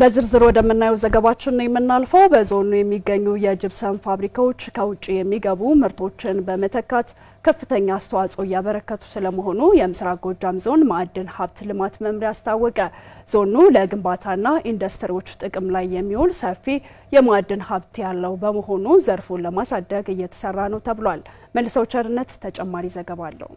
በዝርዝር ወደምናየው ዘገባችን ነው የምናልፈው። በዞኑ የሚገኙ የጅብሰም ፋብሪካዎች ከውጭ የሚገቡ ምርቶችን በመተካት ከፍተኛ አስተዋጽኦ እያበረከቱ ስለመሆኑ የምስራቅ ጎጃም ዞን ማዕድን ሀብት ልማት መምሪያ አስታወቀ። ዞኑ ለግንባታና ኢንዱስትሪዎች ጥቅም ላይ የሚውል ሰፊ የማዕድን ሀብት ያለው በመሆኑ ዘርፉን ለማሳደግ እየተሰራ ነው ተብሏል። መልሰው ቸርነት ተጨማሪ ዘገባ አለው።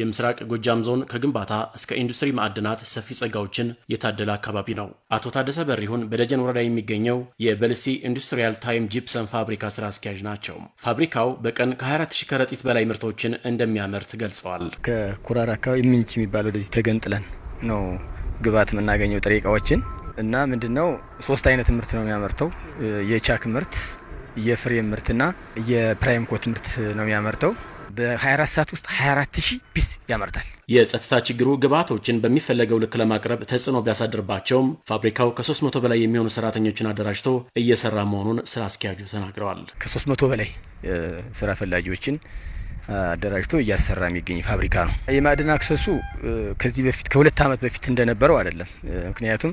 የምስራቅ ጎጃም ዞን ከግንባታ እስከ ኢንዱስትሪ ማዕድናት ሰፊ ጸጋዎችን የታደለ አካባቢ ነው። አቶ ታደሰ በሪሁን በደጀን ወረዳ የሚገኘው የበልሲ ኢንዱስትሪያል ታይም ጂፕሰን ፋብሪካ ስራ አስኪያጅ ናቸው። ፋብሪካው በቀን ከ24 ሺህ ከረጢት በላይ ምርቶችን እንደሚያመርት ገልጸዋል። ከኩራር አካባቢ ምንች የሚባል ወደዚህ ተገንጥለን ነው ግብዓት የምናገኘው ጥሬ እቃዎችን እና ምንድን ነው ሶስት አይነት ምርት ነው የሚያመርተው የቻክ ምርት፣ የፍሬም ምርትና የፕራይም ኮት ምርት ነው የሚያመርተው በ24 ሰዓት ውስጥ 24 ሺህ ፒስ ያመርታል። የጸጥታ ችግሩ ግብዓቶችን በሚፈለገው ልክ ለማቅረብ ተጽዕኖ ቢያሳድርባቸውም ፋብሪካው ከ300 በላይ የሚሆኑ ሰራተኞችን አደራጅቶ እየሰራ መሆኑን ስራ አስኪያጁ ተናግረዋል። ከ300 በላይ ስራ ፈላጊዎችን አደራጅቶ እያሰራ የሚገኝ ፋብሪካ ነው። የማዕድን አክሰሱ ከዚህ በፊት ከሁለት ዓመት በፊት እንደነበረው አይደለም። ምክንያቱም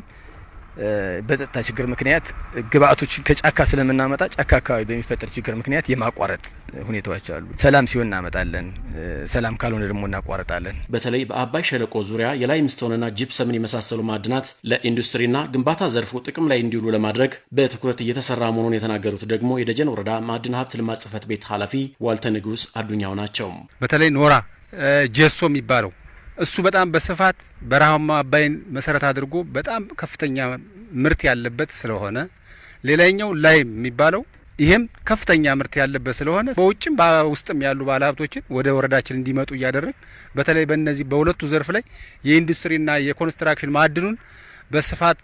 በጸጥታ ችግር ምክንያት ግብአቶችን ከጫካ ስለምናመጣ ጫካ አካባቢ በሚፈጠር ችግር ምክንያት የማቋረጥ ሁኔታዎች አሉ። ሰላም ሲሆን እናመጣለን፣ ሰላም ካልሆነ ደግሞ እናቋረጣለን። በተለይ በአባይ ሸለቆ ዙሪያ የላይምስቶንና ጂፕሰምን የመሳሰሉ ማዕድናት ለኢንዱስትሪና ግንባታ ዘርፉ ጥቅም ላይ እንዲውሉ ለማድረግ በትኩረት እየተሰራ መሆኑን የተናገሩት ደግሞ የደጀን ወረዳ ማዕድን ሀብት ልማት ጽሕፈት ቤት ኃላፊ ዋልተ ንጉስ አዱኛው ናቸው። በተለይ ኖራ ጀሶ የሚባለው እሱ በጣም በስፋት በረሃማ አባይን መሰረት አድርጎ በጣም ከፍተኛ ምርት ያለበት ስለሆነ ሌላኛው ላይ የሚባለው ይህም ከፍተኛ ምርት ያለበት ስለሆነ በውጭም በውስጥም ያሉ ባለሀብቶችን ወደ ወረዳችን እንዲመጡ እያደረግ በተለይ በእነዚህ በሁለቱ ዘርፍ ላይ የኢንዱስትሪና የኮንስትራክሽን ማዕድኑን በስፋት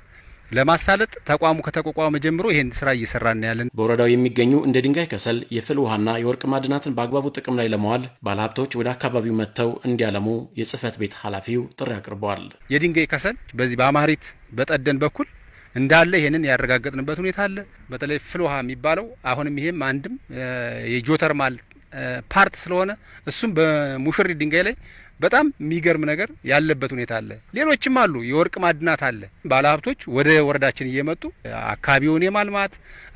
ለማሳለጥ ተቋሙ ከተቋቋመ ጀምሮ ይህን ስራ እየሰራ ያለን። በወረዳው የሚገኙ እንደ ድንጋይ ከሰል፣ የፍል ውሃና የወርቅ ማዕድናትን በአግባቡ ጥቅም ላይ ለመዋል ባለሀብቶች ወደ አካባቢው መጥተው እንዲያለሙ የጽህፈት ቤት ኃላፊው ጥሪ አቅርበዋል። የድንጋይ ከሰል በዚህ በአማሪት በጠደን በኩል እንዳለ ይህንን ያረጋገጥንበት ሁኔታ አለ። በተለይ ፍል ውሃ የሚባለው አሁንም ይሄም አንድም የጆተርማል ፓርት ስለሆነ እሱም በሙሽሪ ድንጋይ ላይ በጣም የሚገርም ነገር ያለበት ሁኔታ አለ። ሌሎችም አሉ። የወርቅ ማዕድናት አለ። ባለሀብቶች ወደ ወረዳችን እየመጡ አካባቢውን የማልማት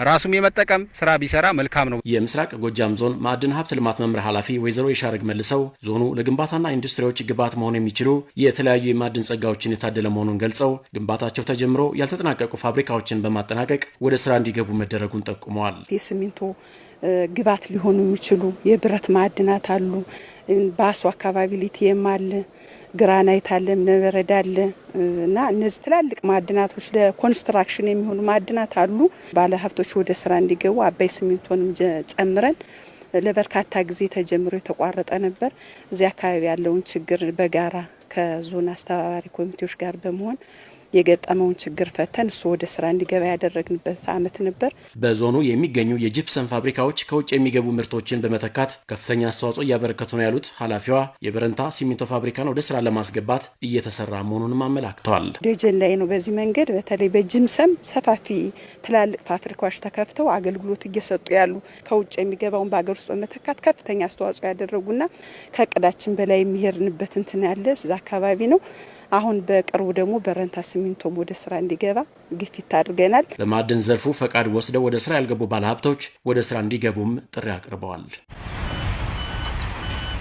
ራሱም የመጠቀም ስራ ቢሰራ መልካም ነው። የምስራቅ ጎጃም ዞን ማዕድን ሀብት ልማት መምሪያ ኃላፊ ወይዘሮ የሻርግ መልሰው ዞኑ ለግንባታና ኢንዱስትሪዎች ግብዓት መሆን የሚችሉ የተለያዩ የማዕድን ጸጋዎችን የታደለ መሆኑን ገልጸው ግንባታቸው ተጀምሮ ያልተጠናቀቁ ፋብሪካዎችን በማጠናቀቅ ወደ ስራ እንዲገቡ መደረጉን ጠቁመዋል። የሲሚንቶ ግብዓት ሊሆኑ የሚችሉ የብረት ማዕድናት አሉ። ባሱ አካባቢ ሊቲየም አለ፣ ግራናይት አለ፣ እምነበረድ አለ እና እነዚህ ትላልቅ ማዕድናቶች ለኮንስትራክሽን የሚሆኑ ማዕድናት አሉ። ባለሀብቶች ወደ ስራ እንዲገቡ አባይ ሲሚንቶንም ጨምረን ለበርካታ ጊዜ ተጀምሮ የተቋረጠ ነበር። እዚያ አካባቢ ያለውን ችግር በጋራ ከዞን አስተባባሪ ኮሚቴዎች ጋር በመሆን የገጠመውን ችግር ፈተን እሱ ወደ ስራ እንዲገባ ያደረግንበት አመት ነበር። በዞኑ የሚገኙ የጂፕሰም ፋብሪካዎች ከውጭ የሚገቡ ምርቶችን በመተካት ከፍተኛ አስተዋጽኦ እያበረከቱ ነው ያሉት ኃላፊዋ የበረንታ ሲሚንቶ ፋብሪካን ወደ ስራ ለማስገባት እየተሰራ መሆኑንም አመላክተዋል። ደጀን ላይ ነው። በዚህ መንገድ በተለይ በጂፕሰም ሰፋፊ ትላልቅ ፋብሪካዎች ተከፍተው አገልግሎት እየሰጡ ያሉ ከውጭ የሚገባውን በሀገር ውስጥ በመተካት ከፍተኛ አስተዋጽኦ ያደረጉና ከእቅዳችን በላይ የሚሄድንበት እንትን ያለ እዛ አካባቢ ነው። አሁን በቅርቡ ደግሞ በረንታ ሲሚንቶም ወደ ስራ እንዲገባ ግፊት አድርገናል። በማዕድን ዘርፉ ፈቃድ ወስደው ወደ ስራ ያልገቡ ባለሀብቶች ወደ ስራ እንዲገቡም ጥሪ አቅርበዋል።